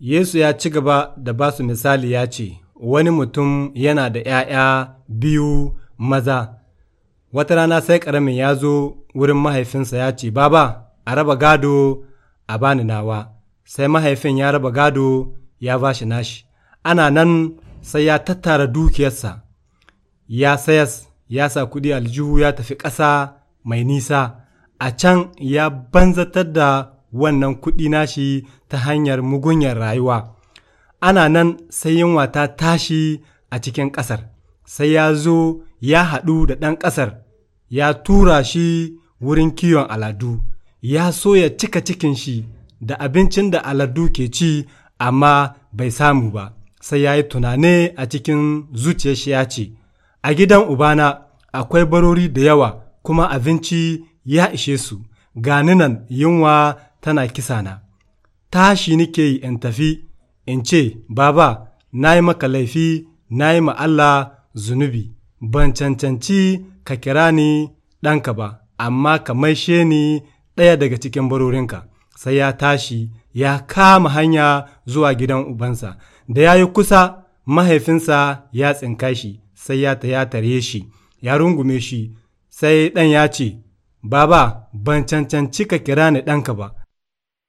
Yesu ya ci gaba da ba su misali ya ce, Wani mutum yana da ’ya'ya biyu maza, wata rana sai ƙaramin ya zo wurin mahaifinsa ya ce, Baba, a raba gado a bani nawa, sai mahaifin ya raba gado ya ba shi nashi, ana nan sai ya tattara dukiyarsa, ya sayas, ya sa kuɗi aljihu ya tafi ƙasa mai nisa, a can ya banzatar da wannan kuɗi nashi ta hanyar mugunyar rayuwa. Ana nan sai yunwa ta tashi a cikin ƙasar, sai ya zo ya haɗu da ɗan ƙasar, ya tura shi wurin kiwon aladu, ya so ya cika cikin shi da abincin da aladu ke ci amma bai samu ba, sai ya yi tunane a cikin zuciyar shi ya ce, A gidan Ubana akwai barori da yawa kuma abinci ya ishe su, ganinan yunwa tana kisa na. Tashi nike yi in tafi, in ce, Baba, na yi maka laifi, na yi ma Allah zunubi, ban cancanci ka kira ni ɗanka ba, amma ka maishe ni ɗaya daga cikin barorinka. Sai ya tashi, ya kama hanya zuwa gidan ubansa, da ya yi kusa mahaifinsa ya tsinka shi, sai ya ya tare shi, ya rungume shi, sai ɗan ya ce, Baba, ban cancanci ka kira ni ɗanka ba,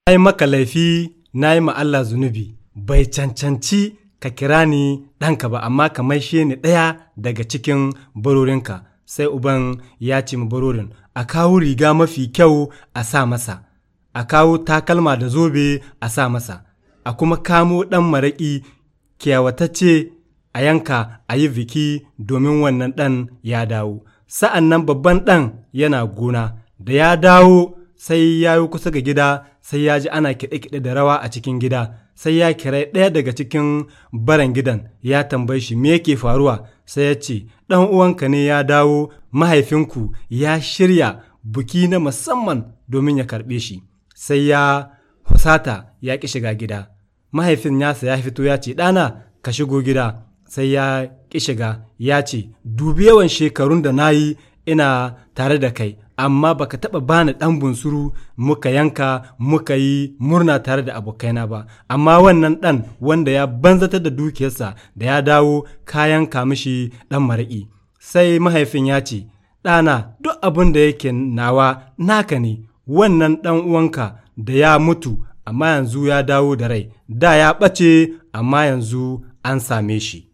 ai maka laifi na yi Allah zunubi bai cancanci ka kira ni ɗanka ba amma ka maishe ni ɗaya daga cikin barorinka sai uban ya ce mu barorin a kawo riga mafi kyau a sa masa a kawo takalma da zobe a sa masa a kuma kamo ɗan maraƙi kyawatacce a yanka a yi biki domin wannan ɗan ya dawo sa'an nan babban ɗan yana gona da ya dawo sai ya yi kusa ga gida sai ya ji ana kiɗe-kiɗe da rawa a cikin gida sai ya kira ɗaya daga cikin baran gidan ya tambaye shi me yake faruwa sai ya ce ɗan uwanka ne ya dawo mahaifinku ya shirya buki na musamman domin ya karɓe shi sai ya husata ya ƙi shiga gida mahaifin yasa ya fito ya ce ɗana ka shigo gida sai ya ƙi shiga ya ce dubi yawan shekarun da na yi ina tare da kai amma baka taba bani dan bunsuru muka yanka muka yi murna tare da abokaina ba amma wannan ɗan wanda ya banzatar da dukiyarsa da ya dawo kayan mishi ɗan mar'i sai mahaifin ya ce ɗana duk abin da yake nawa naka ne wannan ɗan uwanka da ya mutu amma yanzu ya dawo da rai da ya ɓace amma yanzu an same shi